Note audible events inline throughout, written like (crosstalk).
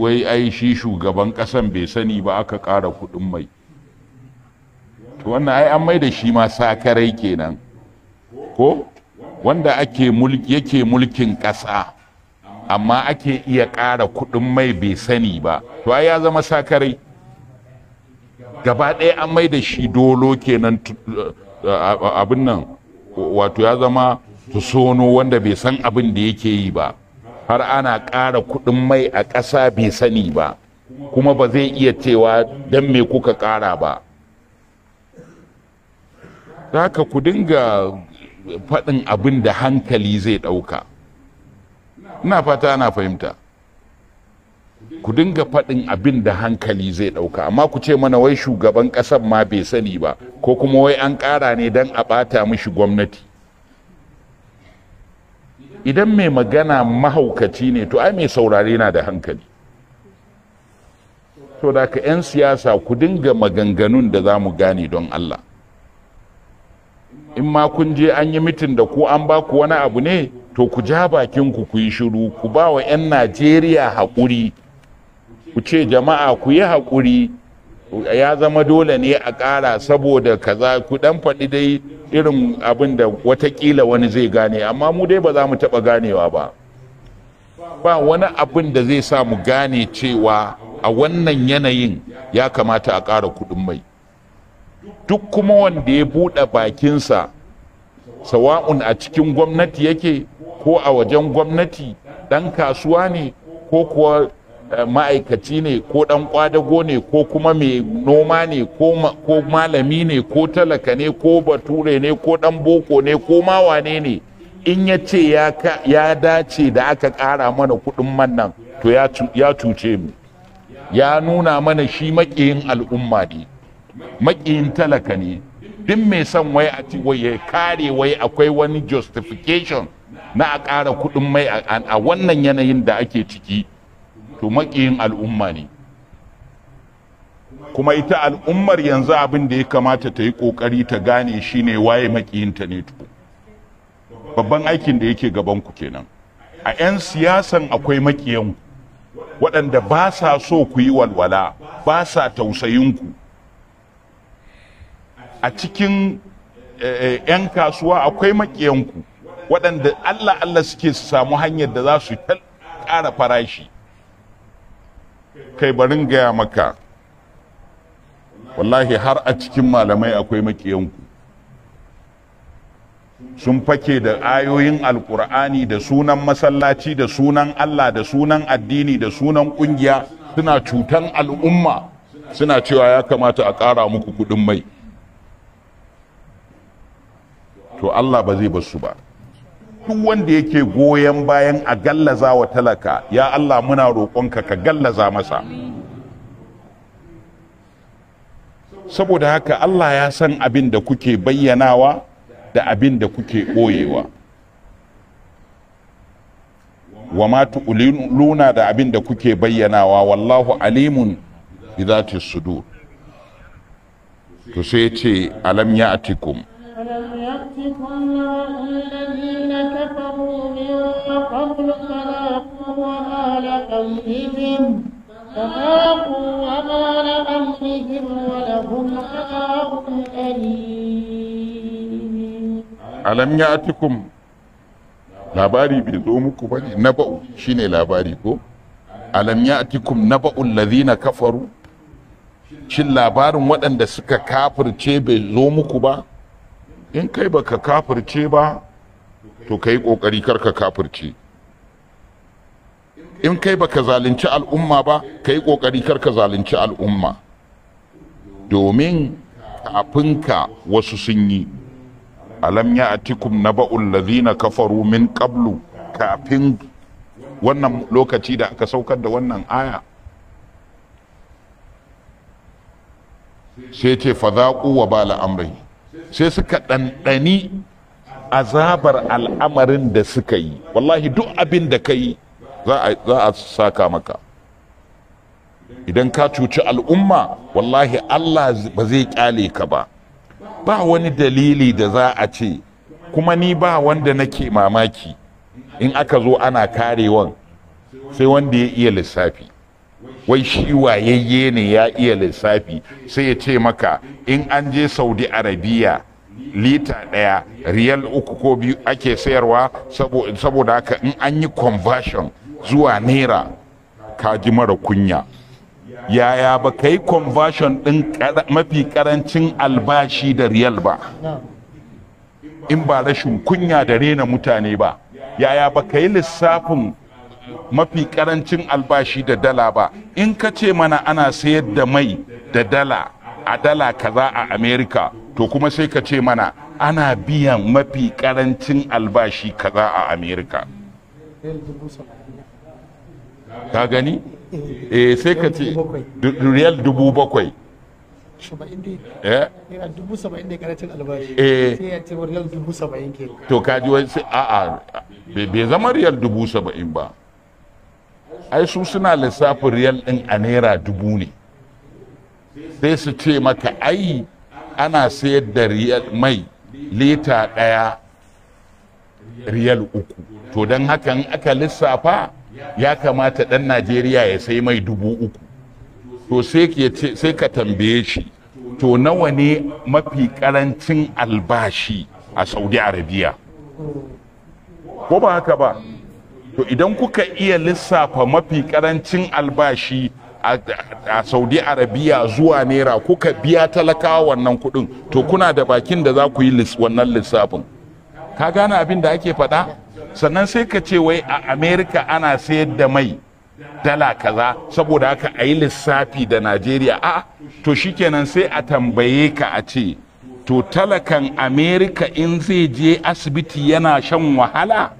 wai ai shi shugaban ƙasan bai sani ba aka ƙara kuɗin mai to wannan ai an mai da shi ma sakarai kenan ko wanda ake mulki yake mulkin ƙasa amma ake iya ƙara kuɗin mai bai sani ba to ai ya zama sakarai gaba ɗaya an mai da shi dolo kenan eh, abin nan wato ya zama tusono wanda bai san abin da yake yi ba har ana ƙara kuɗin mai a ƙasa bai sani ba kuma ba zai iya cewa don me kuka ƙara ba haka ku dinga faɗin abin da hankali zai ɗauka ina fata ana fahimta ku dinga faɗin abin da hankali zai ɗauka amma ku ce mana wai shugaban ƙasar ma bai sani ba ko kuma wai an ƙara ne don a ɓata mishi gwamnati idan mai magana mahaukaci ne to ai mai saurare na da hankali to da ka 'yan siyasa ku dinga maganganun da za mu gane don Allah in ma kun je an yi mitin da ku an ba ku wani abu ne to ku ja bakin ku ku yi shiru ku ba wa 'yan Najeriya haƙuri ku ce jama'a ku yi haƙuri ya zama dole ne a ƙara saboda kaza ku faɗi dai irin abin da watakila wani zai gane amma mu dai ba za mu taɓa ganewa ba ba wani abin da zai sa mu gane cewa a wannan yanayin ya kamata a ƙara kuɗin mai duk kuma wanda ya buɗe bakinsa sawa'un a cikin gwamnati yake ko a wajen gwamnati ɗan kasuwa ne ko kuwa Eh, ma'aikaci ne ko ɗan kwadago ne ko kuma mai noma ne ko malami ne ko talaka ne ko bature ne ko ɗan boko ne ko mawane ne in ya ce ya dace da aka ƙara mana kuɗin man nan to ya cuce mu ya nuna mana shi maƙiyin al'umma ne maƙiyin talaka ne duk mai son wai a ci wai ya kare wai akwai wani justification na a ƙara kuɗin mai a wannan yanayin da ake ciki to maƙiyin al'umma ne kuma ita al'ummar yanzu abin da ya kamata ta yi ƙoƙari ta gane shi ne waye maƙiyinta ne tuku babban aikin da yake gabanku kenan a 'yan siyasan akwai maƙiyanku waɗanda ba sa so ku yi walwala ba sa tausayinku a cikin 'yan eh, eh, kasuwa akwai maƙiyanku waɗanda allah allah suke su samu hanyar da za su ƙara farashi kai barin gaya maka wallahi har a cikin malamai akwai makiyanku sun fake da ayoyin alkur'ani da sunan masallaci da sunan allah da sunan addini da sunan kungiya suna cutan al'umma suna cewa ya kamata a ƙara muku kuɗin mai to allah ba zai basu ba duk wanda yake goyon bayan a gallaza wa talaka ya Allah muna roƙonka ka gallaza masa saboda haka Allah ya san abin da kuke bayyanawa da abin da kuke ɓoyewa wa ma luna da abin da kuke bayyanawa wallahu alimun bi zati sudur to sai ce alam ya'tikum ألم يأتكم الذين كفروا من قبل فذاقوا وبال أمرهم فذاقوا وبال أمرهم ولهم عذاب أليم ألم يأتكم labari bai zo muku bane na ba'u shine labari ko alam ya ya'tikum naba'ul ladhina kafaru shin labarin waɗanda suka kafirce bai zo muku ba in kai baka kafirce ba to ka yi ƙoƙari karka kafirce in kai baka zalunci al'umma ba kai yi ƙoƙari ka zalunci al'umma domin kafinka wasu sun yi alam ya atikum na ba'ul kafaru min qablu kafin wannan lokaci da aka saukar da wannan aya sai ce ba wa bala amri sai suka ɗanɗani azabar al'amarin da suka yi wallahi duk abin da ka yi za a saka maka idan ka cuci al'umma wallahi allah ba zai kyale ka ba ba wani dalili da za a ce kuma ni ba wanda nake mamaki in aka zo ana karewan sai wanda ya iya lissafi wai shi wayayye ne ya iya lissafi sai ya ce maka in an je saudi arabiya lita ɗaya riyal uku ko biyu ake sayarwa saboda haka in an yi conversion zuwa naira ka ji mara kunya yaya ba ka yi conversion ɗin mafi karancin albashi da riyal ba in ba rashin kunya da rena mutane ba yaya ba ka yi lissafin mafi karancin albashi da dala ba in ka ce mana ana sayar da mai da dala a dala kaza a america to kuma sai ka ce mana ana biyan mafi karancin albashi kaza a america ka gani eh, eh sai ka ce riyal dubu bakwai to kaji wai sai a'a bai zama riyal dubu saba'in ba ai su suna lissafin riyal ɗin a naira dubu ne sai su ce maka ai ana sayar da riyal mai lita ɗaya riyal uku to don haka in aka lissafa ya kamata ɗan najeriya ya sai mai dubu uku to sai ka tambaye shi to nawa ne mafi karancin albashi a saudi arabia ko ba haka ba to idan kuka iya lissafa mafi karancin albashi a saudi arabiya zuwa naira kuka biya talakawa wannan kuɗin, to kuna da bakin da za ku yi wannan lissafin ka gane abin da ake faɗa sannan sai ka ce wai a Amerika ana sayar da mai dala kaza saboda haka a yi lissafi da najeriya a to shikenan sai a tambaye ka a ce to talakan Amerika in zai je asibiti yana shan wahala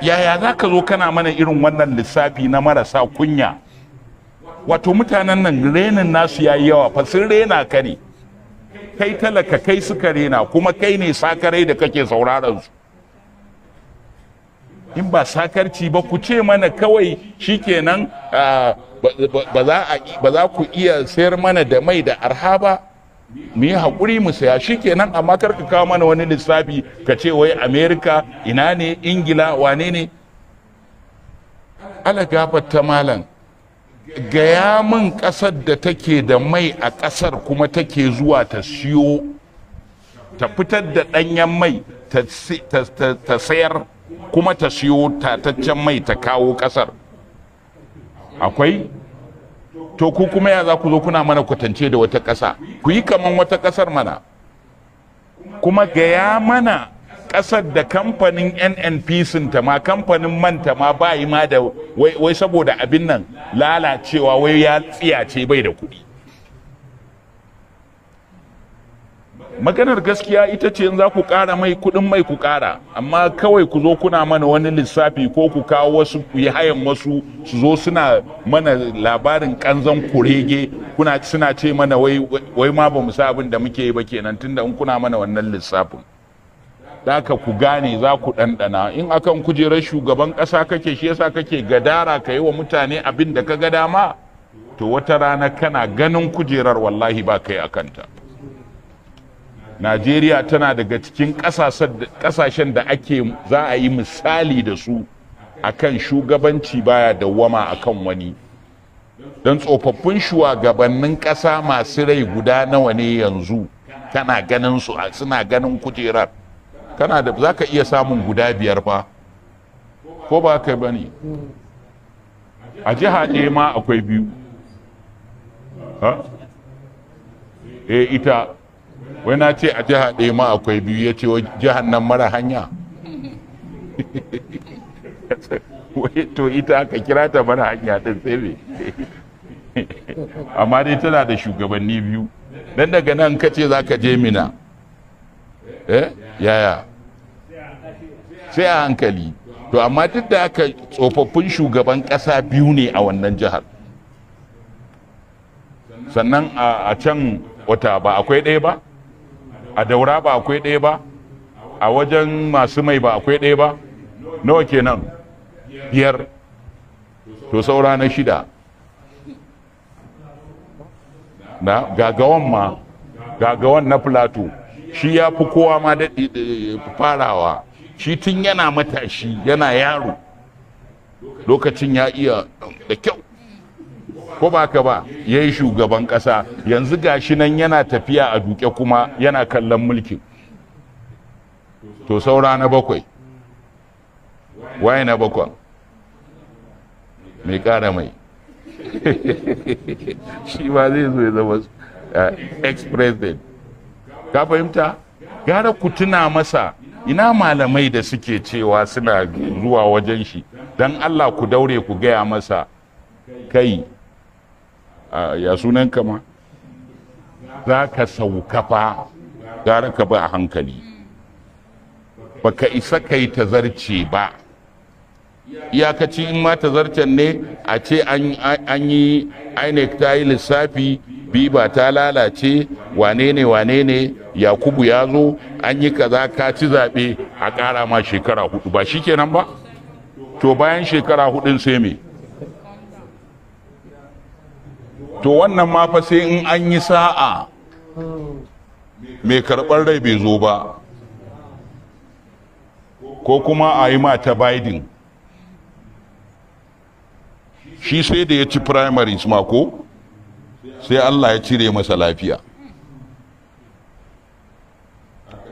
yaya za ka zo kana mana irin wannan lissafi na marasa kunya wato mutanen nan renin nasu ya yi yawa fa sun rena ka ne kai talaka kai suka rena kuma kai ne sakarai da kake sauraron su in ba sakarci ba ku ce mana kawai shikenan ah, ba za ku iya sayar mana da mai da arha ba mu yi haƙuri mu saya shi kenan amma kar ka kawo mana wani lissafi ka ce wai amerika ina ne ingila wane ne ala ta malam gaya min ƙasar da take da mai a ƙasar kuma take zuwa ta siyo ta fitar da ɗanyen mai ta sayar kuma ta siyo tataccen mai ta kawo ƙasar akwai to ku kuma ya za ku zo kuna mana kwatance da wata ƙasa ku yi kaman wata ƙasar mana kuma gaya mana ƙasar da kamfanin nnpc ta ma kamfanin manta ma ba yi ma da wai saboda abin nan lalacewa wai ya tsiyace bai da kuɗi maganar gaskiya ita ce in za ku ƙara mai kuɗin mai ku ƙara amma kawai ku zo kuna mana wani lissafi ko ku kawo wasu ku yi hayan wasu su zo suna mana labarin ƙanzan kurege kuna suna ce mana wai ma ba mu sa abin da muke yi ba kenan tunda in kuna mana wannan lissafin aka ku gane za ku ɗanɗana in akan kujerar shugaban ƙasa kake shi yasa kake gadara ka yi wa mutane abin da ka ga dama to wata rana kana ganin kujerar wallahi ba kai akanta. najeriya tana daga cikin ƙasashen da ake za a yi misali da su akan shugabanci baya dawwama kan wani don tsofaffin shugabannin ƙasa masu rai guda nawa ne yanzu kana ganin su suna ganin kujerar kana da za ka iya samun guda biyar ba ko ba ka bane a jiha ɗaya ma akwai biyu e ita wai na ce a jiha ɗaya ma akwai biyu ya ce jihar nan mara hanya (laughs) to ita aka kira ta mara hanya sai tsere (laughs) amma dai tana da shugabanni biyu dan daga nan ka ce za ka je mina eh yaya sai a hankali to amma duk da aka tsofaffin shugaban ƙasa biyu ne a wannan jihar sannan a can wata ba akwai ɗaya ba a daura ba akwai ɗaya ba a wajen masu mai ba akwai ɗaya ba nawa kenan biyar to saura na shida na gagawan ma gagawan na plato shi ya fi kowa ma da eh, farawa shi tun yana matashi yana yaro lokacin ya iya um, da kyau ko ba ka ba ya yi shugaban ƙasa yanzu gashi nan yana tafiya a duke kuma yana kallon mulkin to saura na bakwai waye na bakwan mai ƙara mai (laughs) shi ba zai zo ya zama eh, ex-president ka fahimta gara ku tuna masa ina malamai da suke cewa suna zuwa wajen shi don allah ku daure ku gaya masa kai ya sunan ma za ka sauka fa gara ka ba a hankali baka isa kai zarce ba iyakaci in ma ta zarcen ne a ce an yi inec ta yi lissafi ba ta lalace wane ne wane ne yakubu ya zo an yi kaza ka ci zaɓe a ƙara ma shekara hudu ba shikenan ba to bayan shekara hudun sai me to wannan ma fa sai in an yi sa'a mai karɓar rai bai zo ba ko kuma a yi mata biden shi sai da ya ci primaries mako sai allah ya cire masa lafiya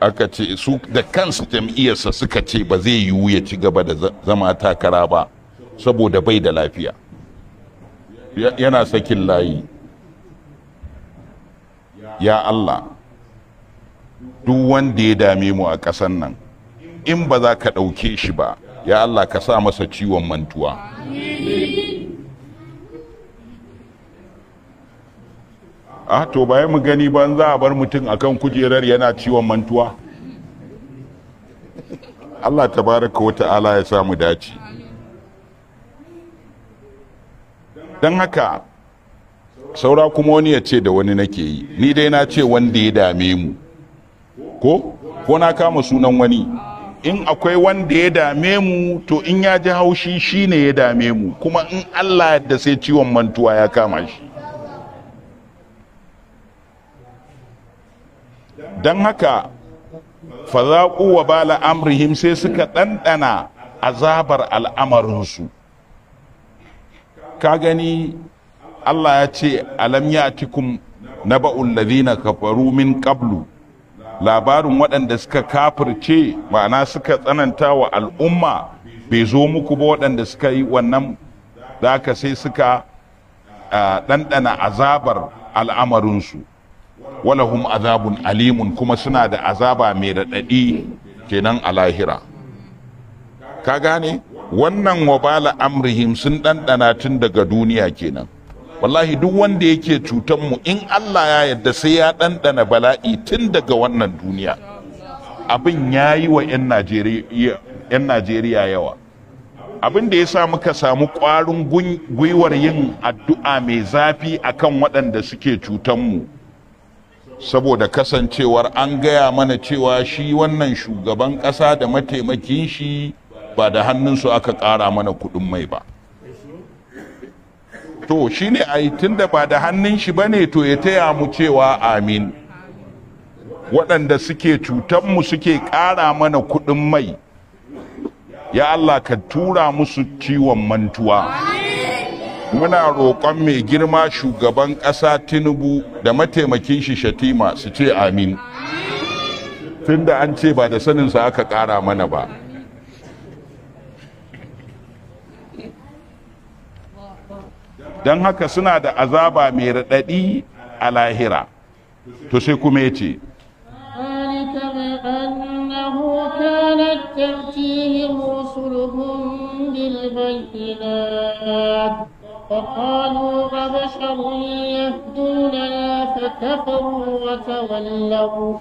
aka ce su da kansu jam'iyyarsa suka ce ba zai yiwu ya ci gaba da zama takara ba saboda bai da lafiya yana sakin layi ya Allah duk wanda ya dame mu a ƙasan nan in ba za ka ɗauke shi ba ya Allah ka sa masa ciwon mantuwa a to bayan mu gani ban za a bar mutum akan kujerar yana ciwon mantuwa Allah tabaraka wata ala ya samu dace don haka saura kuma wani ya ce da wani nake yi ni dai na ce wanda ya dame mu ko ko na kama sunan wani in akwai wanda ya dame mu to in ya ji haushi ne ya dame mu kuma in allah da sai ciwon mantuwa ya kama shi don haka fazaƙu wa bala amrihim sai suka ɗanɗana azabar al'amarinsu ka gani allah ya ce alam ya'tikum naba'ul ladina kafaru min qablu labarin waɗanda suka kafirce ma'ana suka tsananta wa al'umma bai zo muku ba waɗanda suka yi wannan da aka sai suka ɗanɗana azabar al'amarinsu walahum azabun alimun kuma suna da azaba mai raɗaɗi kenan a lahira ka gane wannan wabala amrihim sun ɗanɗana tun daga duniya kenan wallahi duk wanda yake mu in Allah ya yadda sai ya ɗanɗana bala'i tun daga wannan duniya abin ya yi wa 'yan Najeriya yawa abin da ya sa muka samu ƙwarin gwiwar yin addu'a mai zafi a kan waɗanda suke mu saboda kasancewar an gaya mana cewa shi wannan shugaban ƙasa da mataimakin shi ba da hannunsu aka ƙara mana kuɗin mai ba to shi ne a tun da ba da hannun shi ba ne to ya taya mu cewa amin waɗanda suke cutanmu suke ƙara mana kuɗin mai ya Allah ka tura musu ciwon mantuwa muna roƙon mai girma shugaban ƙasa tinubu da mataimakin shi shatima su ce amin tun da an ce ba da saninsa aka ƙara mana ba don haka suna da azaba mai raɗaɗi a lahira to sai kuma ya ce فقالوا أبشر يهدوننا فكفروا وتولوا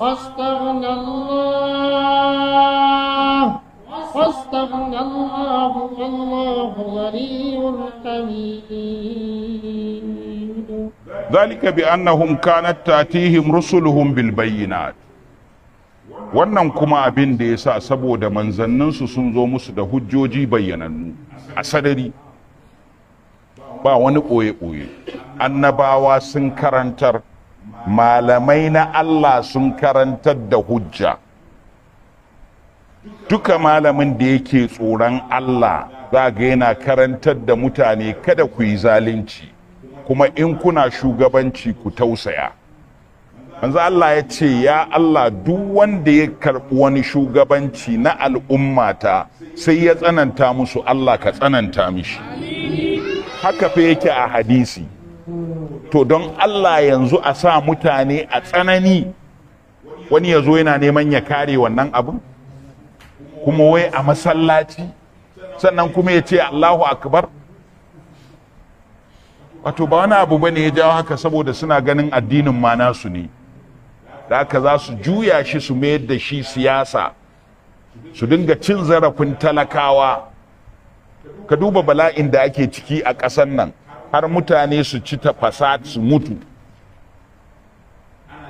واستغنى الله واستغنى الله والله غني حميد ذلك بأنهم كانت تأتيهم رسلهم بالبينات wannan kuma abin da ya sa saboda manzanninsu sun zo musu da hujjoji bayyanannu a sadari ba wani ɓoye-ɓoye annabawa sun karantar malamai na Allah sun karantar da hujja duka malamin da yake tsoron Allah za ga yana karantar da mutane kada ku yi zalunci kuma in kuna shugabanci ku tausaya manzo Allah ya ce ya Allah duk wanda ya karɓi wani shugabanci na al'ummata sai ya tsananta musu Allah ka tsananta mishi haka fa yake a hadisi to don Allah yanzu a sa mutane a tsanani wani ya zo yana neman ya kare wannan abin kuma wai a masallaci sannan kuma ya ce Allahu akbar wato ba wani abu bane ya jawo haka saboda suna ganin addinin ma nasu ne da haka za su juya shi su mayar da shi siyasa su dinga cin zarafin talakawa ka duba bala'in da ake ciki a ƙasan nan har mutane su ci tafasa su mutu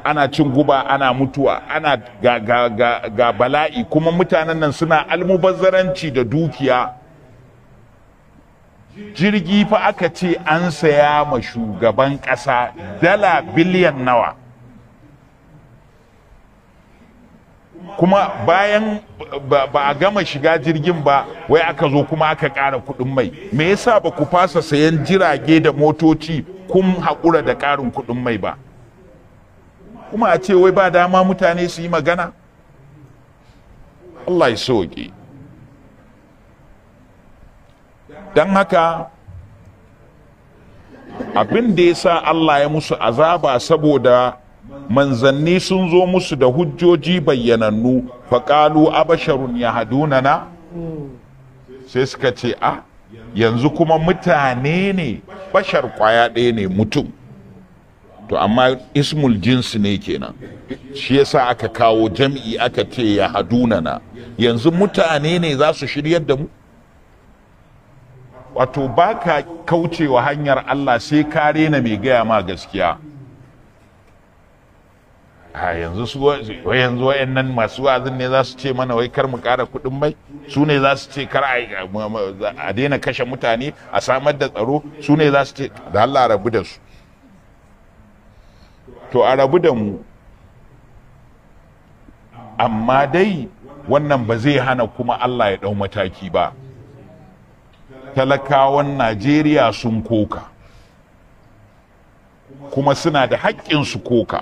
ana cin guba ana mutuwa ana ga, ga, ga, ga bala'i kuma mutanen nan suna almubazzaranci da dukiya jirgi fa aka ce an saya ma shugaban ƙasa dala biliyan nawa kuma bayan ba, ba a gama shiga jirgin ba wai aka zo kuma aka ƙara kuɗin mai me yasa ba ku fasa sayan jirage da motoci kun haƙura da ƙarin kuɗin mai ba kuma a ce wai ba dama mutane su yi magana Allah ya soke don haka abin da ya sa Allah ya musu azaba saboda manzanni sun zo musu da hujjoji bayyanannu faƙalu abasharun ya nana sai suka ce a ah, yanzu kuma mutane ne bashar kwaya ɗaya ne mutum to amma ismul jinsi ne kenan shi yasa aka kawo jam'i aka ce ya haduna na yanzu mutane ne za su shiryar da mu wato ba ka kaucewa hanyar Allah sai ka rena mai gaya ma gaskiya a yanzu su yanzu wayannan masu wa'azin ne za su ce mana wai kar mu kara kuɗin mai su ne za su ce kar a daina kashe mutane a samar da tsaro su ne za su ce da Allah rabu da su to a rabu da mu amma dai wannan ba zai hana kuma Allah ya ɗau mataki ba talakawan najeriya sun koka kuma suna da haƙƙin su koka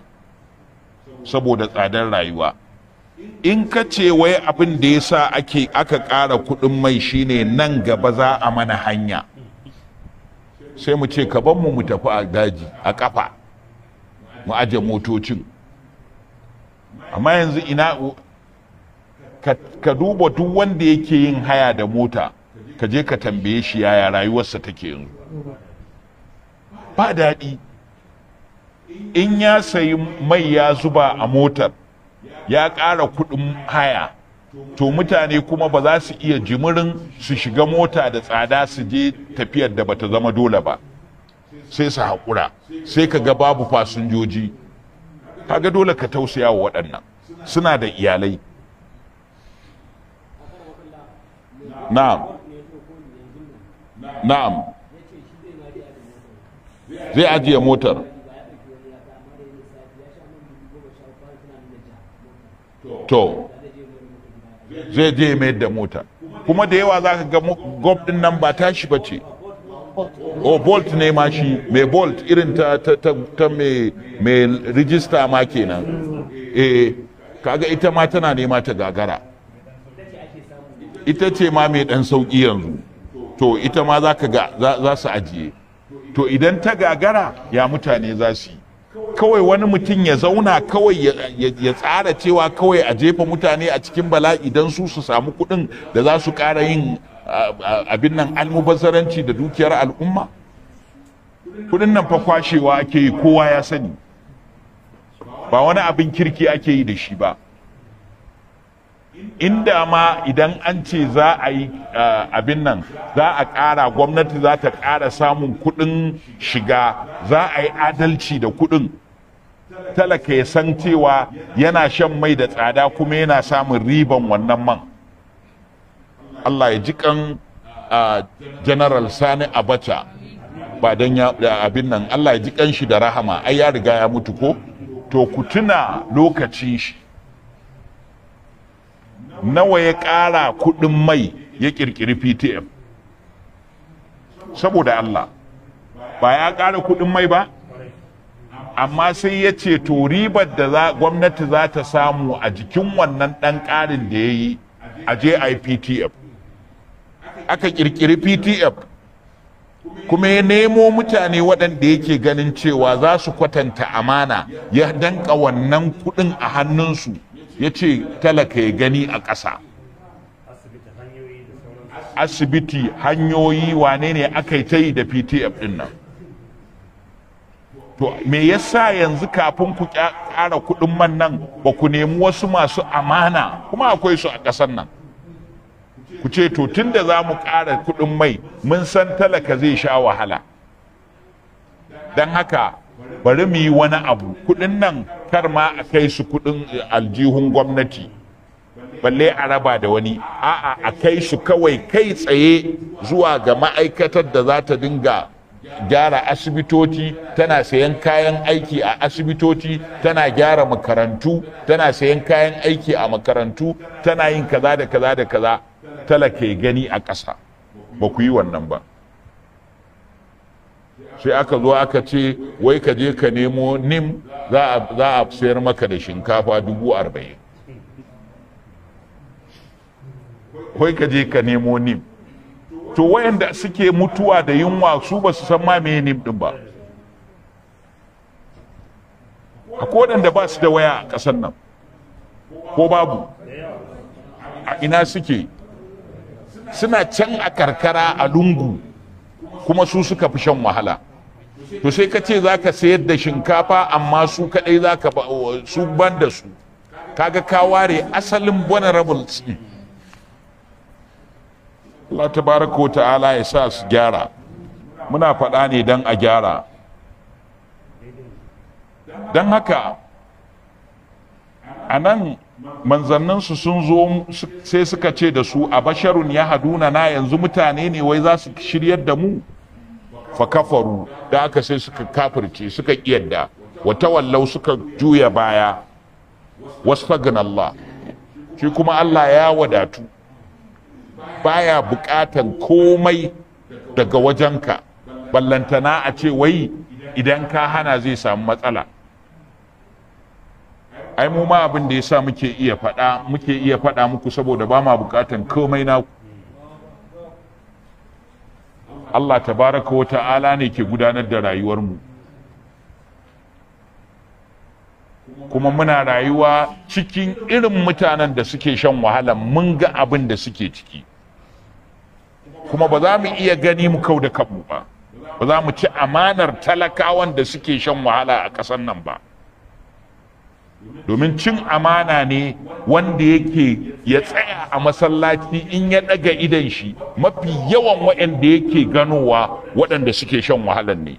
saboda tsadar rayuwa in ka ce wai abin da ya sa ake aka ƙara kuɗin mai shine nan gaba za a mana hanya sai mu ce ka mu mu tafi a daji a ƙafa mu aje motocin amma yanzu ina ka duba duk wanda yake yin haya da mota ka je ka tambaye shi yaya rayuwarsa take yanzu ba daɗi in ya sayi mai ya zuba a motar ya ƙara kuɗin haya to mutane kuma ba za su iya jimirin su shiga mota da tsada su je tafiyar da bata zama dole ba sai su haƙura sai ka ga babu fasinjoji kaga dole ka tausaya wa waɗannan suna da iyalai na'am na'am zai ajiye motar to zai je mai da mota kuma da yawa za ka ga gob ɗinnan nan ba tashi ba ce o oh, bolt ne ma shi mai bolt irin ta ta ta, ta mai rijista ma kenan eh kaga ita ma tana nema ta gagara ita ce ma mai dan sauki yanzu to ita ma za ka ga za su ajiye to idan ta gagara ya mutane za su yi kawai wani mutum ya zauna kawai ya tsara cewa kawai a jefa mutane a cikin bala'i don su su samu kuɗin da za su ƙara yin abin nan almubazzaranci da dukiyar al'umma kudin nan fa kwashewa ake yi kowa ya sani ba wani abin kirki ake yi da shi ba inda ma idan an ce za a yi abin nan za a ƙara gwamnati za ta ƙara samun kuɗin shiga za a yi adalci da kuɗin talaka ya san cewa yana shan mai da tsada kuma yana samun riban wannan man Allah ya ji kan general sani abacha ba don abin nan Allah ya ji kan shi da rahama ai ya riga ya mutu ko to ku tuna lokacin shi nawa ya ƙara kuɗin mai ya ƙirƙiri ptm saboda Allah ba ya ƙara kuɗin mai ba amma sai ya ce to ribar da gwamnati za ta samu a jikin wannan ɗan ƙarin da ya yi a JIPTF. aka kirkiri ptf kuma ya nemo mutane waɗanda yake ganin cewa za su kwatanta amana ya danka wannan kuɗin a hannunsu ya ce talaka ya gani a ƙasa asibiti hanyoyi wane ne aka yi ta yi da ptf ɗin nan to me yasa yanzu kafin ku ƙara kuɗin man nan ba ku nemi wasu masu amana kuma akwai su a ƙasar nan ku ce to tun da za mu ƙara kuɗin mai mun san talaka zai sha wahala don haka bari mu yi wani abu kuɗin nan kar ma a kai su kuɗin aljihun gwamnati balle a raba da wani a'a a kai su kawai kai tsaye zuwa ga ma'aikatar da za ta dinga gyara asibitoci tana sayan kayan aiki a asibitoci tana gyara makarantu tana sayan kayan aiki a makarantu tana yin kaza da kaza da kaza talaka ya gani a ƙasa ba ku yi wannan ba sai aka zo aka ce wai ka je ka nemo nim za a sayar maka da shinkafa dubu arba'in wai ka je ka nemo nim to wayanda suke mutuwa da yunwa su ba su san ma nim din ba akwai waɗanda ba su da waya a ƙasar nan ko babu a ina suke suna can a karkara a lungu kuma su suka fi shan wahala to sai ka ce za ka sayar da shinkafa amma su kaɗai za ka su ban da su kaga ka ware asalin vulnerable din Allah tabaraka ta'ala ya sa su gyara muna faɗa ne don a gyara don haka a nan manzanninsu sun zo sai suka ce da su a basharun ya haduna na yanzu mutane ne wai za su shiryar da mu fa kafaru da aka sai suka kafirce suka kiyarda wata wallau suka juya baya wasfagin Allah shi kuma Allah ya wadatu baya bukatan komai daga wajenka ballantana a ce wai idan ka hana zai samu matsala ai mu ma abin da yasa muke iya faɗa muke iya faɗa muku saboda ba ma bukatan komai na Allah tabaraka wa ta'ala ne ke gudanar da rayuwarmu. mu kuma muna rayuwa cikin irin mutanen da suke shan wahala mun ga abin da suke ciki kuma ba za mu iya gani mu kau da kanmu ba ba za mu ci amanar talakawan da suke shan wahala a ƙasar nan ba domin cin amana ne wanda yake ya tsaya a masallaci in ya daga idan shi mafi yawan waɗanda yake ganowa waɗanda suke shan wahalan ne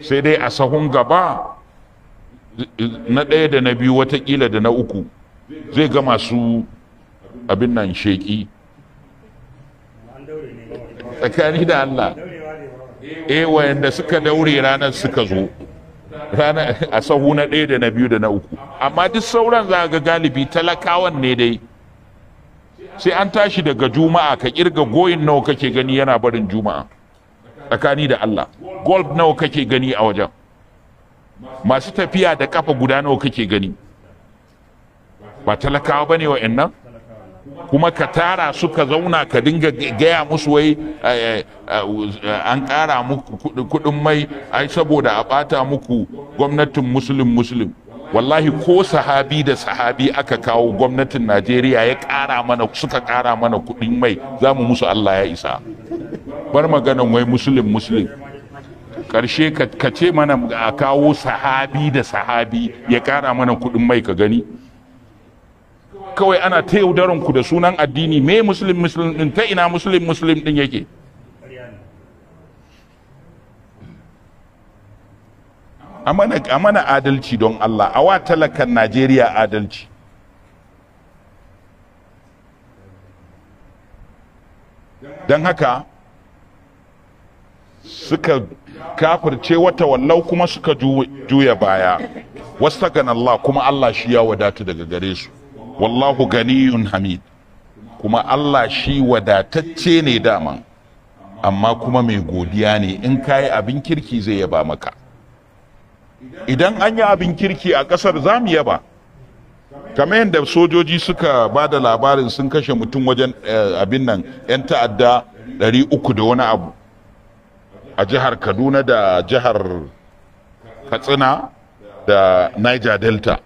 sai dai a sahun gaba na ɗaya da na biyu watakila da na uku zai ga masu abin nan sheƙi tsakani da Allah e wayanda suka daure ranar suka zo a sahu na ɗaya da na biyu da na uku amma duk sauran za ga galibi talakawan ne dai sai an tashi daga juma'a ka kirga goyin nawa kake gani yana barin juma'a tsakani da Allah golf nawa kake gani a wajen masu tafiya da kafa guda nawa kake gani ba talakawa bane wa'annan kuma ka tara su ka zauna ka dinga gaya musu wai eh, eh, eh, an ƙara muku kuɗin mai ai saboda a ɓata muku gwamnatin musulun musulun wallahi ko sahabi da sahabi aka kawo gwamnatin najeriya ya ƙara mana suka ƙara mana kuɗin mai za mu musu allah ya isa bar maganan wai musulun musulun ƙarshe ka ce mana a kawo sahabi da sahabi ya ƙara mana kuɗin mai ka gani kawai ana ta yaudaran ku da sunan addini mai muslim muslim din ta ina muslim muslim din yake a mana adalci don Allah a wa talakan Najeriya adalci don haka suka kafirce wata wallau kuma suka juya baya wasu Allah kuma Allah shi ya wadatu daga gare su wallahu ganiyun hamid kuma Allah shi wadatacce ne dama amma kuma mai godiya ne in kayi abin kirki zai yaba maka idan an yi abin kirki a ƙasar za mu yaba kamar yadda sojoji suka ba da labarin sun kashe mutum wajen eh, abin nan 'yan ta'adda 300 da wani abu a jihar kaduna da jihar katsina da niger delta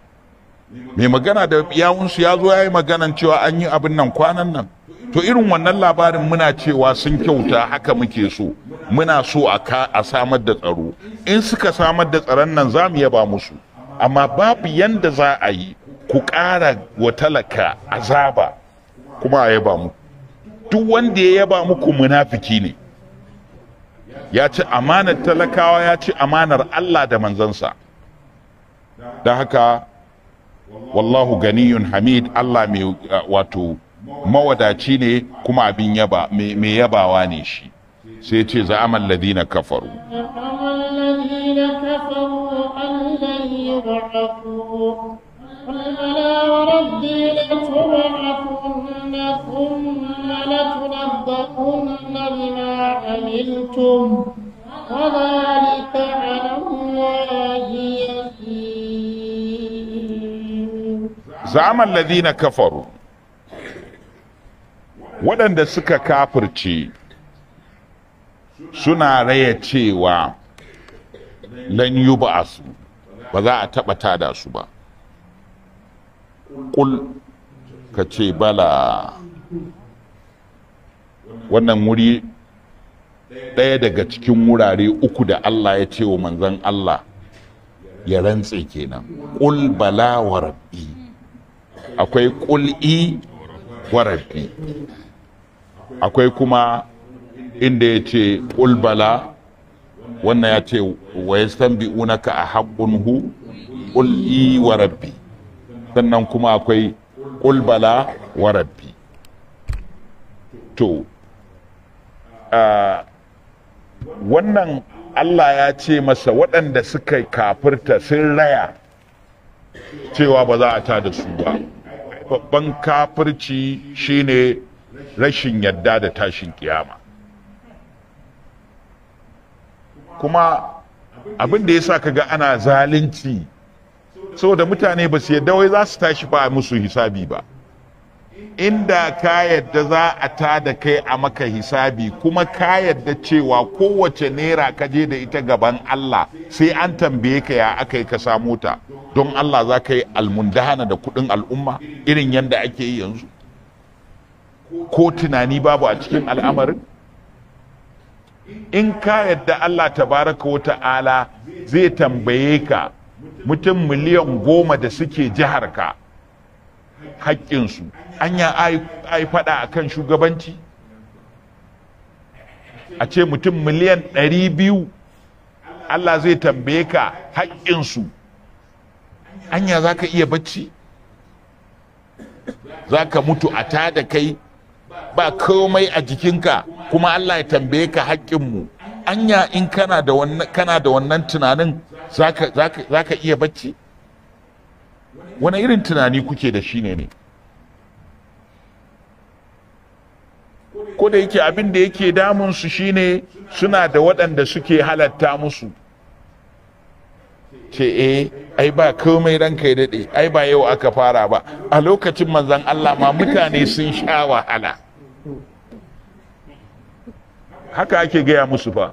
mai magana da yawunsu ya zo ya yi maganan cewa an yi abin nan kwanan nan to irin wannan labarin muna cewa sun kyauta haka muke so muna so a samar da tsaro in suka samar da tsaron nan za mu yaba musu amma babu yanda za a yi ku ƙara wa talaka azaba kuma a yaba mu duk wanda ya yaba muku munafiki ne ya ci amanar talakawa ya ci amanar Allah da manzansa da haka wallahu ganiyun hamid Allah mai uh, wato mawadaci ne kuma abin yaba mai yabawa ne shi sai ce za amal ladina kafaru وذلك على الله zaman ladina kafaru waɗanda suka kafirce suna raya cewa lan yi ba su ba za a taɓa tada su ba ƙul ka ce bala wannan wuri ɗaya daga cikin wurare uku da Allah ya ce wa manzan Allah ya rantse kenan ƙul bala wa rabbi akwai ƙul'i warabbi akwai kuma inda ya ce ƙulbala wannan ya ce wa ya bi unaka a haƙun hu ƙul'i warabbi sannan kuma akwai ƙulbala warabbi to wannan Allah ya ce masa waɗanda suka kafirta sun raya cewa ba za a ta da su ba. babban kafirci shine rashin yadda da tashin kiyama kuma abin da ya sa ka ga ana zalunci saboda mutane ba su yadda wai za su tashi ba a musu hisabi ba inda ka yadda za a ta da kai a maka hisabi kuma ka yadda cewa kowace naira ka je da ita gaban Allah sai an tambaye ka ya aka yi ka samu ta don Allah za ka yi almundahana da kuɗin al'umma irin yadda ake yi yanzu ko tunani babu a cikin al'amarin in ka yadda Allah tabaraka wa ta'ala zai tambaye ka mutum miliyan goma da suke jihar ka haƙƙinsu anya ai fada a kan shugabanci a ce mutum miliyan ɗari biyu Allah zai tambaye ka haƙƙinsu anya za ka iya bacci za ka mutu a ta da kai ba komai a jikinka kuma Allah ya tambaye ka mu. anya in kana da wannan tunanin za ka iya bacci wani irin tunani kuke da shi ne ne ko da yake abin da yake damun su shine suna da waɗanda suke halatta musu ce eh ai ba komai ranka ya daɗe ai ba yau aka fara ba a lokacin manzan Allah ma mutane sun sha wahala haka ake gaya musu fa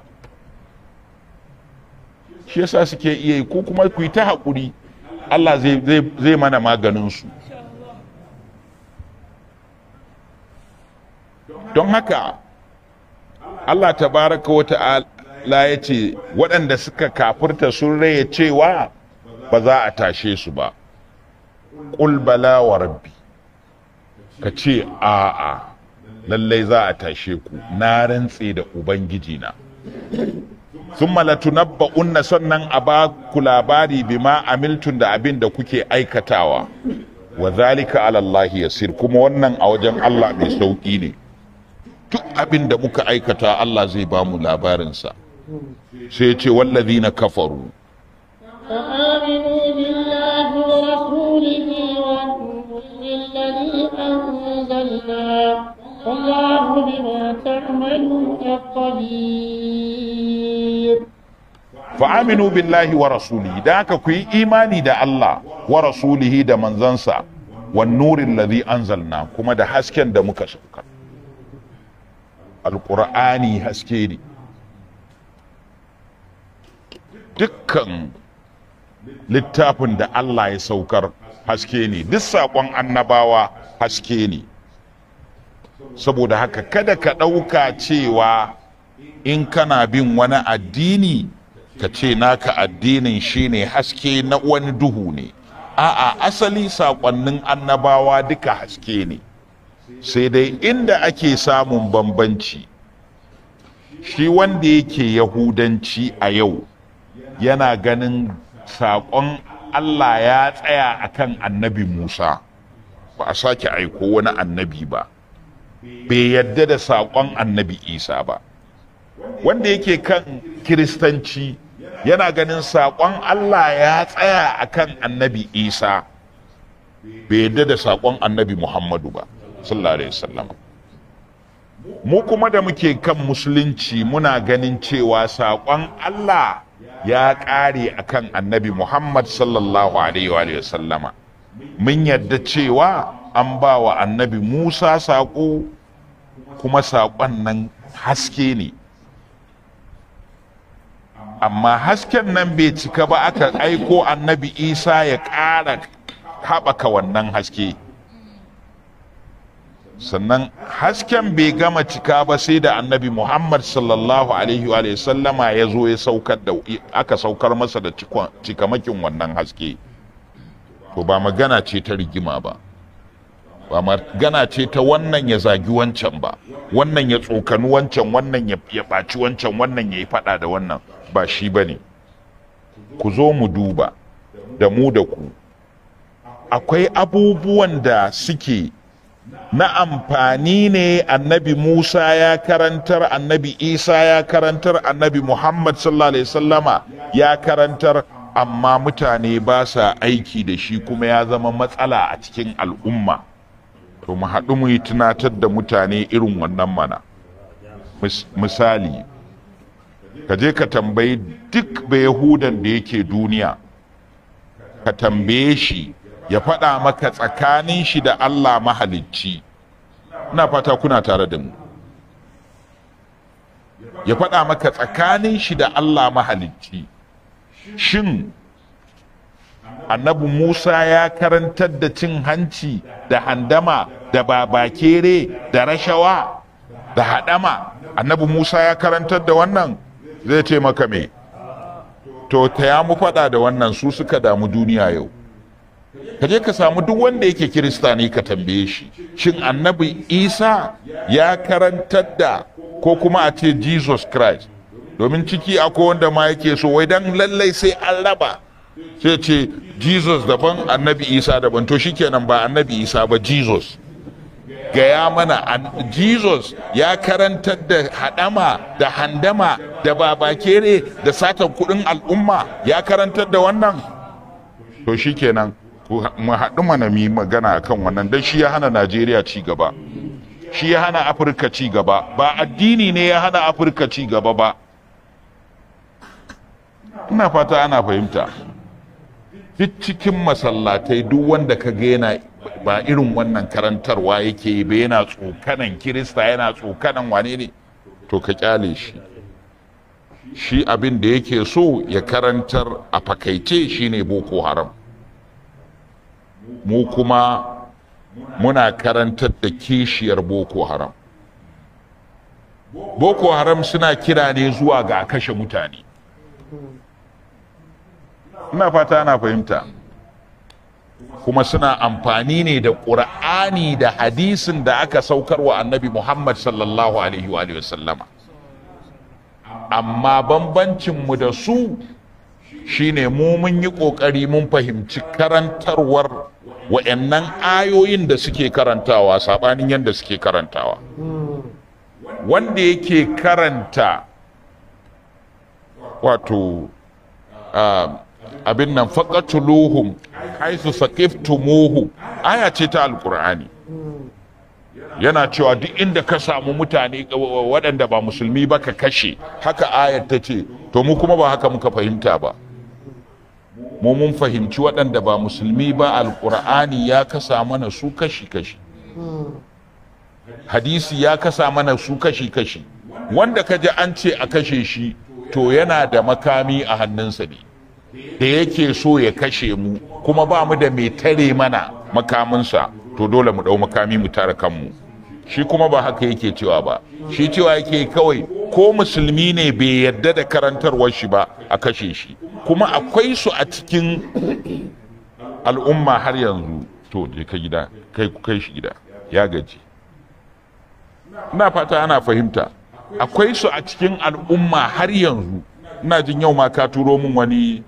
shi yasa suke iya yi ko kuma ku yi ta haƙuri Allah zai mana maganin su don haka Allah ta wa ta'ala ya ce waɗanda suka kafurta sun raya cewa ba za a tashe su ba ƙulbala wa rabbi ka ce a'a lallai za a tashe ku na rantse da ubangiji na sun malatu nabba unna sannan a ba ku labari bima amiltun da abin da kuke aikatawa wa zalika alallahi yasir kuma wannan a wajen Allah mai sauƙi ne duk abin da muka aikata Allah zai ba mu labarinsa sai ce wallazi na kafaru fa'aminu billahi wa rasulihi da haka ku yi imani da Allah wa rasulihi da manzansa wa nurin lazi anzalna kuma da hasken da muka sauka alƙur'ani haske ne dukkan littafin da Allah ya saukar haske ne duk saƙon annabawa haske ne saboda haka kada ka ɗauka cewa in kana bin wani addini ka ce naka addinin shine haske na wani duhu ne a'a asali saƙonnin annabawa duka haske ne sai dai inda ake samun bambanci shi wanda yake yahudanci a yau yana ganin saƙon Allah ya tsaya kan annabi Musa ba a sake aiko wani annabi ba bai yadda da saƙon annabi Isa ba wanda yake kan kiristanci yana ganin saƙon Allah ya tsaya akan annabi Isa bai yadda da saƙon annabi Muhammadu ba sallallahu alaihi wasallam mu kuma da muke kan musulunci muna ganin cewa saƙon Allah ya ƙare akan annabi Muhammad sallallahu alaihi wa sallama mun yadda cewa an ba wa annabi Musa saƙo kuma saƙon nan haske ne amma hasken nan bai cika ba aka aiko annabi Isa ya ƙara haɓaka wannan haske. sannan hasken bai gama cika ba sai da annabi muhammad sallallahu alaihi wa sallama ya zo ya saukar da aka saukar masa da cikamakin wannan haske to ba magana ce ta rigima ba ba magana ce ta wannan ya zagi wancan ba wannan ya tsokani wancan wannan ya ɓaci wancan wannan ya yi faɗa da wannan ba shi ba ne ku zo mu duba da mu da ku akwai abubuwan da suke na amfani ne annabi Musa ya karantar annabi Isa ya karantar annabi Muhammad sallallahu alaihi sallama ya karantar amma mutane ba sa aiki da shi kuma ya zama matsala a cikin al'umma to mu haɗu mu yi tunatar da mutane irin wannan mana misali ka je ka tambayi duk bayahudan da yake duniya ka tambaye shi ya faɗa maka tsakanin shi da Allah mahalicci ina fata kuna tare da mu ya faɗa maka tsakanin shi da Allah mahalicci shin annabi Musa ya karantar da cin hanci da handama da babakere da rashawa da haɗama annabi Musa ya karantar da wannan zai ce maka me to ta ya mu faɗa da wannan su suka damu duniya yau ka je ka samu duk wanda yake kirista ne ka tambaye shi shin annabi isa ya karantar da ko kuma a ce jesus christ domin ciki akwai wanda ma yake so wai dan lallai sai an raba sai ce jesus daban annabi isa daban to shikenan ba annabi isa ba jesus gaya mana jesus ya karantar da hadama da handama da babakere da satan kudin al'umma ya karantar da wannan to shikenan mu haɗu mana mu magana akan wannan dan shi ya hana Najeriya ci gaba shi ya hana Afirka ci gaba ba addini ne ya hana Afirka ci gaba ba ina fata ana fahimta duk cikin masallatai duk wanda ka ga yana ba irin wannan karantarwa yake ba yana tsokanan kirista yana tsokanan wane ne to ka kyale shi shi abin da yake so ya karantar a fakaice shine boko haram mu kuma muna karantar da kishiyar boko haram boko haram suna kira ne zuwa ga kashe mutane ina fata ana fahimta kuma suna amfani ne da ƙur'ani da hadisin da aka saukar wa annabi muhammad sallallahu alaihi wa sallama amma bambancinmu da su shine mu mun yi ƙoƙari mun fahimci karantarwar wa'annan ayoyin da suke karantawa saɓanin yadda suke karantawa wanda yake karanta wato abin nan faƙatuluhum haisu saƙiftumuhu aya ce ta alƙur'ani yana cewa duk inda ka samu mutane waɗanda ba musulmi ba ka kashe haka ayar ta ce to mu kuma ba haka muka fahimta ba mu mun fahimci waɗanda ba musulmi ba alƙur'ani ya kasa mana su kashi-kashi hadisi ya kasa mana su kashi-kashi wanda ka ji an ce a kashe shi to yana da makami a hannunsa ne da yake so ya kashe mu kuma ba mu da mai tare mana makaminsa to dole mu ɗau makami mu tara kanmu. shi kuma ba haka yake cewa ba shi cewa yake kawai ko musulmi ne bai yadda da karantarwar shi ba a kashe shi kuma akwai su a cikin al'umma har yanzu to je ka gida kai ku kai shi gida ya gaji ina fata ana fahimta akwai su a cikin al'umma har yanzu ina jin yau ma ka turo min wani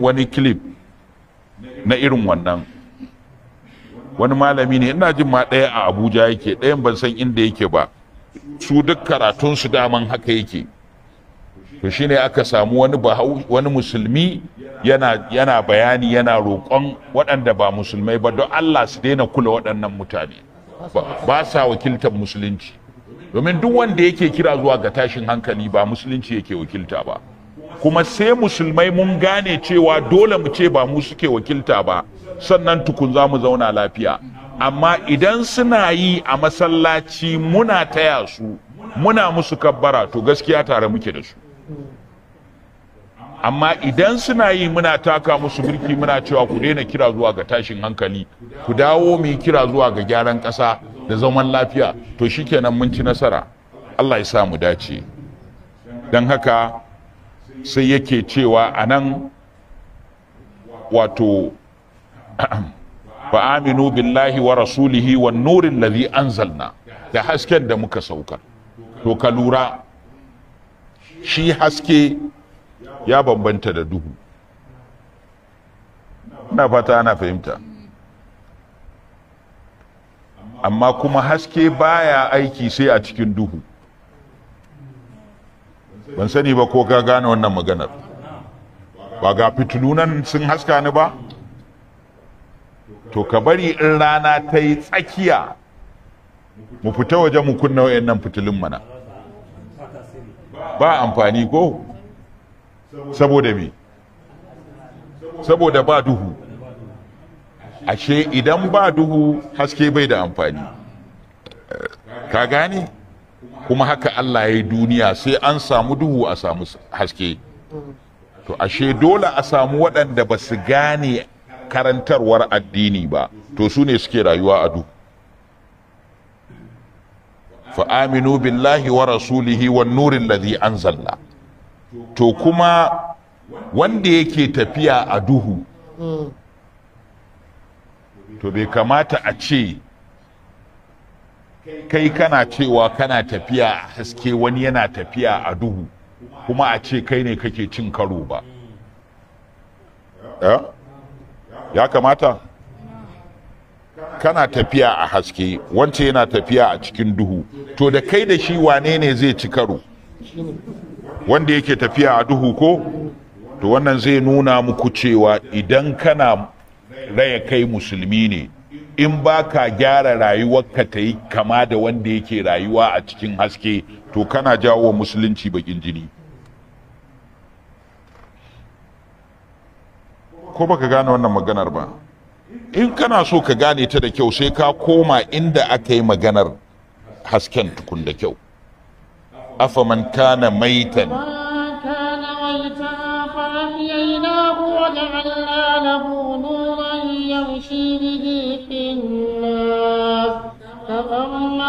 wani clip na irin wannan wani malami ne ina jin ma ɗaya a abuja yake ɗayan ban san inda yake ba su duk karatun su daman haka yake to shine aka samu wani wani musulmi yana yana bayani yana roƙon waɗanda ba musulmai ba don Allah su daina kula waɗannan mutane ba sa wakiltar musulunci domin duk wanda yake kira zuwa ga tashin hankali ba musulunci yake wakilta ba kuma sai musulmai mun gane cewa dole mu ce ba mu suke wakilta ba sannan tukun za mu zauna lafiya amma idan suna yi a masallaci muna taya su muna musu kabbara to gaskiya tare muke da su amma idan suna yi muna taka musu birki muna cewa ku daina kira zuwa ga tashin hankali ku dawo mu kira zuwa ga gyaran ƙasa da zaman lafiya to shikenan mun ci nasara Allah ya sa mu dace don haka sai yake cewa anan wato fa’aminu aminu billahi wa rasulihi wa nurin ladhi anzalna da hasken da muka sauka. to ka lura shi haske ya bambanta da duhu na fata ana fahimta amma kuma haske baya aiki sai a cikin duhu ban sani ba ko ka gane wannan maganar ba ga fitilunan sun haska ni ba to ka bari in rana ta yi tsakiya mu fita waje mu kunna wayannan fitilun mana ba amfani ko saboda me saboda ba duhu ashe idan ba duhu haske bai da amfani ka gane kuma haka Allah ya yi duniya sai an samu duhu a samu haske to ashe dole a samu waɗanda ba su gane karantarwar addini ba to su ne suke rayuwa a du fa'aminu billahi wa rasulihi wa nurin ladhi zalla. to kuma wanda yake tafiya a duhu to bai kamata a ce kai kana cewa kana tafiya a haske wani yana tafiya a duhu kuma a ce kai ne kake cin karo ba eh? ya kamata kana tafiya a haske wance yana tafiya a cikin duhu to da kai da shi wane ne zai ci karo wanda yake tafiya a duhu ko to wannan zai nuna muku cewa idan kana raya kai musulmi ne in ba ka gyara ka ta yi kama da wanda yake rayuwa a cikin haske to kana jawo musulunci bakin jini ko baka gane wannan maganar ba in kana so ka gane ta da kyau sai ka koma inda aka yi maganar hasken tukun da kyau afa man kana maitan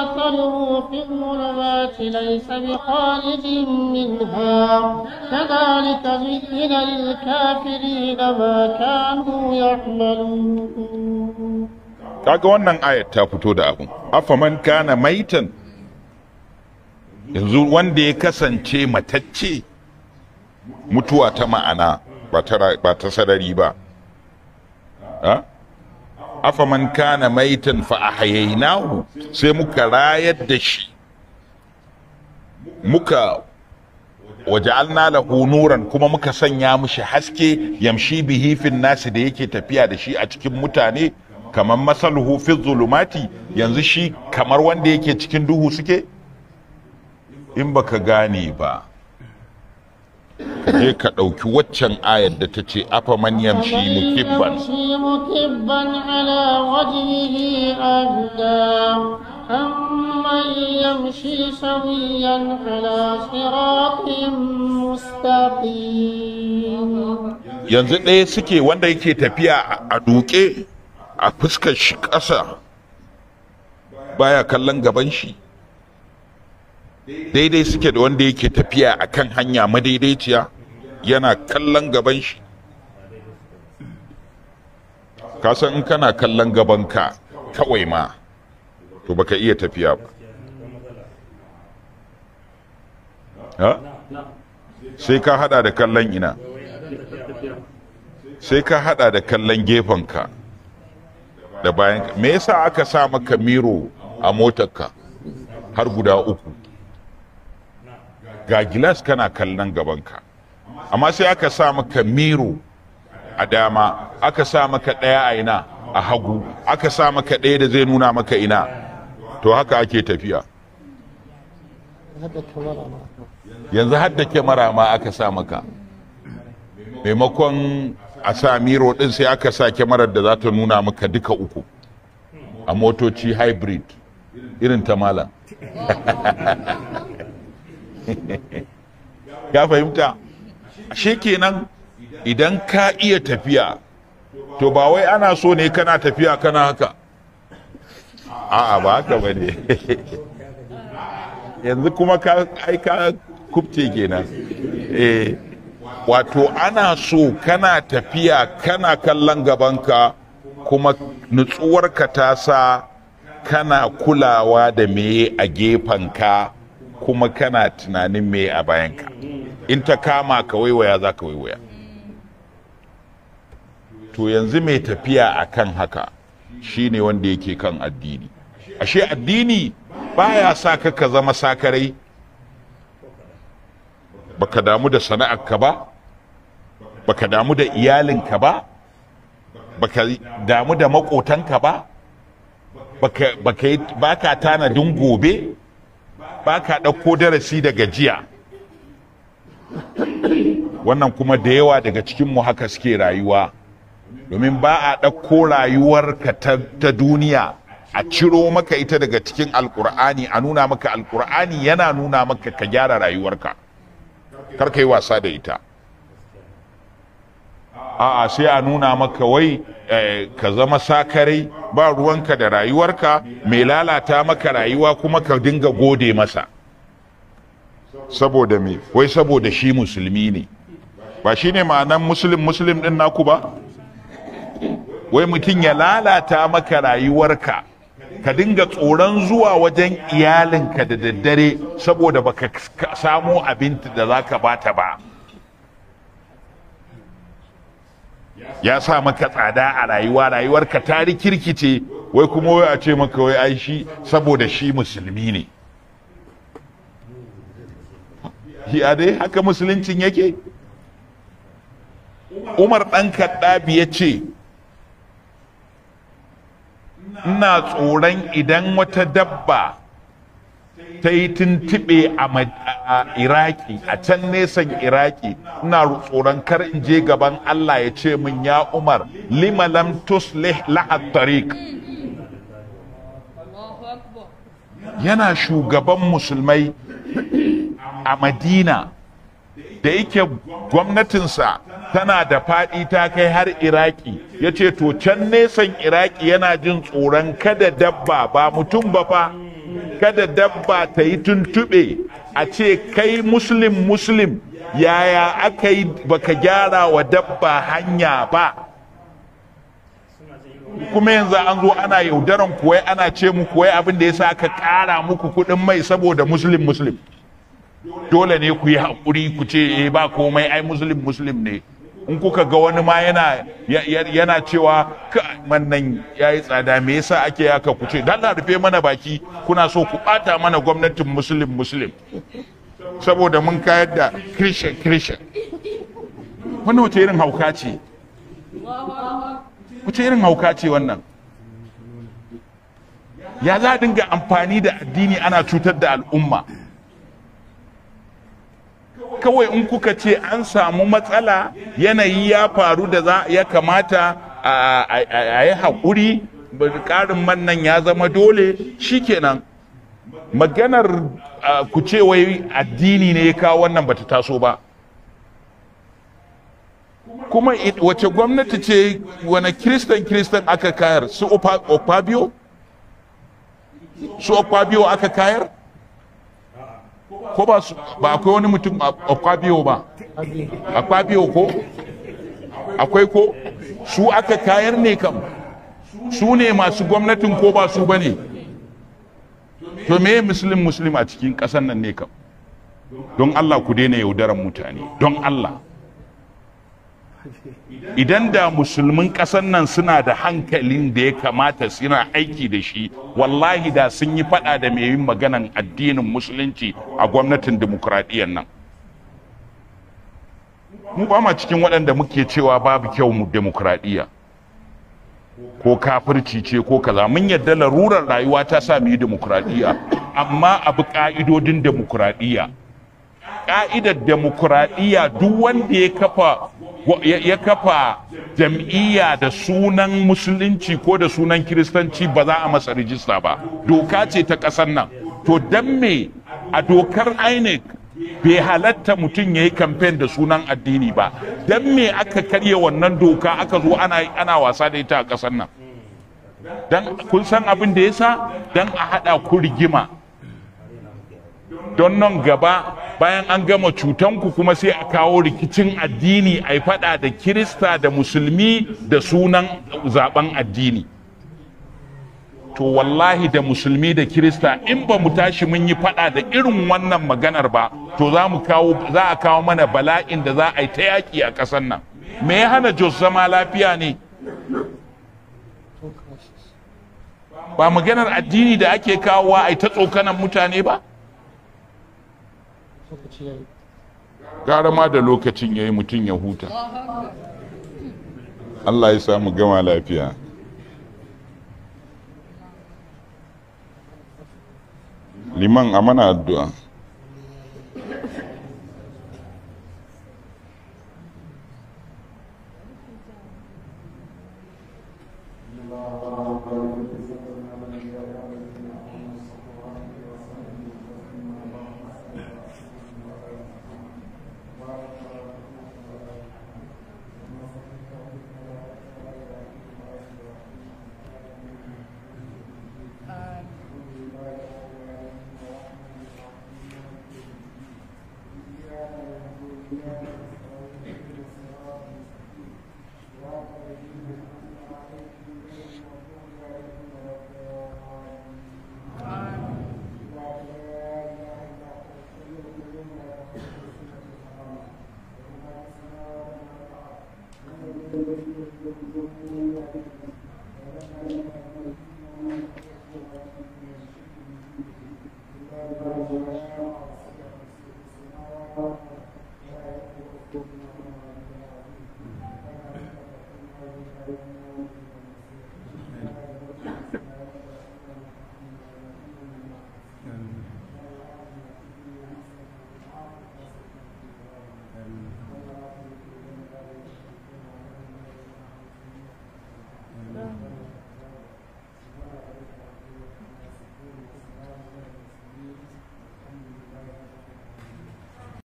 فاعتروا في الظلمات ليس بخارج منها كذلك زين للكافرين ما كانوا يعملون kaga wannan ayat ta fito da abu afaman kana maitan yanzu wanda ya kasance matacce mutuwa ta ma'ana ba ta sarari ba afaman kana maitan fa ahyaynahu sai muka rayar da shi muka waja'alna lahu nuran kuma muka sanya mishi haske yamshi bihi fin nasi da yake tafiya da shi a cikin mutane kamar masaluhu fi zulumati yanzu shi kamar wanda yake cikin duhu suke in baka gane ba ne ka ɗauki waccan ayar da ta ce afa man yamshi mukibban أمن يمشي سويا yanzu ɗaya suke wanda yake tafiya a duke a fuskar shi ƙasa baya kallon gaban shi daidai suke da wanda yake tafiya a kan hanya madaidaiciya yana kallon gaban shi kasan in kana kallon gabanka kawai ma to baka iya tafiya ba sai ka hada da kallon ina sai ka hada da kallon gefenka da bayan me yasa aka sa maka miro a motarka har guda uku ga gilas kana kallon gabanka amma sai aka sa maka miro a dama aka sa maka ɗaya a ina a hagu aka sa maka ɗaya da zai nuna maka ina to haka ake tafiya yanzu hadda da kyamara ma aka sa maka maimakon a sa miro ɗin sai aka sa kyamarar da za ta nuna maka duka uku a motoci hybrid irin ta malam (laughs) ya fahimta ashe kenan idan ka iya tafiya to ba wai ana so ne kana tafiya kana haka a'a ba haka ba ne (laughs) yanzu kuma ka aika kubce kenan eh wato ana so kana tafiya kana kallon gabanka kuma nutsuwarka ta sa kana kulawa da me a gefen ka kuma kana tunanin me a bayanka in ta kama ka waiwaya za ka waiwaya to yanzu mai tafiya a kan haka shi ne wanda yake kan addini ashe addini baya sa ka ka zama sakarai baka damu da sana'arka ba baka damu da iyalinka ba baka damu da makotanka ba baka ka tanadin gobe ba ka ɗauko darasi daga jiya wannan kuma da yawa daga cikinmu haka suke rayuwa domin ba a ɗauko rayuwarka ta duniya a ciro maka ita daga cikin alkur'ani a nuna maka alkur'ani yana nuna maka ka gyara rayuwarka kar ka yi wasa da ita a'a sai a nuna maka wai eh, ka zama sakarai ba ruwanka da rayuwarka mai lalata maka rayuwa kuma ka dinga gode masa saboda me wai saboda shi musulmi ne ba shi ne ma'anan musulun musulun din naku ba wai mutum ya lalata maka rayuwarka ka dinga tsoron zuwa wajen iyalinka da daddare saboda baka samu abinci da za ka bata ba ya sa maka tsada a rayuwa rayuwarka ta rikirkice wai kuma wai a ce maka wai ai shi saboda shi musulmi ne ya dai haka musuluncin yake umar ɗan kaddabi ya ce ina tsoron idan wata dabba ta yi tuntuɓe a iraki a can nesan iraki ina tsoron kar in je gaban allah ya ce min ya umar lima lam tuslih tariq yana shugaban musulmai a madina da yake gwamnatinsa tana da faɗi ta kai har iraki ya ce to can nesan iraki yana jin tsoron kada dabba ba mutum ba fa kada dabba ta yi tuntube a ce kai muslim muslim yaya aka yi baka gyara wa dabba hanya ba kuma yanzu an zo ana yaudaran kuwai ana ce mu wai abin da ya sa aka kara muku kudin mai saboda muslim muslim dole ne ku yi haƙuri ku ce eh, ba komai ai muslim muslim ne in kuka ga wani ma yana yana cewa mannan ya yi tsada me yasa ake yaka ku ce dan na rufe mana baki kuna so ku bata mana gwamnatin muslim muslim saboda mun kayar da christian christian wannan wace irin hauka ce wace irin hauka ce wannan ya za a dinga amfani da addini ana cutar da al'umma kawai in kuka ce an samu matsala yanayi ya faru da za ya kamata a yi haƙuri ƙarin mannan ya zama dole shi shikenan maganar ku ce wai addini ne ya kawo wannan bata taso ba kuma wace gwamnati ce wani kiristan kiristan aka kayar su opabio su opabio aka kayar ko ba su ba akwai wani mutum akwabiyo ba akwabiyo ko akwai ko su aka kayar ne kam su ne masu gwamnatin ko ba su ba ne to me musulun musulun a cikin ƙasar nan ne kam don allah ku daina yaudaran mutane don allah idan da musulmin ƙasar nan suna da hankalin da ya kamata suna aiki da shi wallahi da sun yi faɗa da mai yin maganan addinin musulunci a gwamnatin demokuraɗiyyar nan mu ba ma cikin waɗanda muke cewa babu kyau mu demokuraɗiyya ko kafirci ce ko kaza mun yadda larurar rayuwa ta sa mu yi demokuraɗiyya amma abu ƙa'idodin demokuraɗiyya ƙa'idar demokuraɗiyya duk wanda ya kafa ya kafa jam'iyya da sunan musulunci ko da sunan kiristanci ba za a masa rijista ba doka ce ta ƙasar nan to don me a dokar inec bai halatta mutum ya yi kamfen da sunan addini ba don me aka karya wannan doka aka zo ana wasa da ita a ƙasar nan don kun san abin da ya sa don a haɗa ku rigima don nan gaba bayan an gama cutanku kuma sai a kawo rikicin addini a faɗa da kirista da musulmi da sunan zaben addini to wallahi da musulmi da kirista in ba mu tashi mun yi fada da irin wannan maganar ba to za mu kawo a kawo mana bala'in da za a yi ta yaƙi a ƙasar nan me ya hana jos zama lafiya ne ba maganar addini da ake kawo a yi ta tsokanan mutane ba gara ma da lokacin ya yi mutum ya huta allah ya samu gama lafiya liman a mana addu'a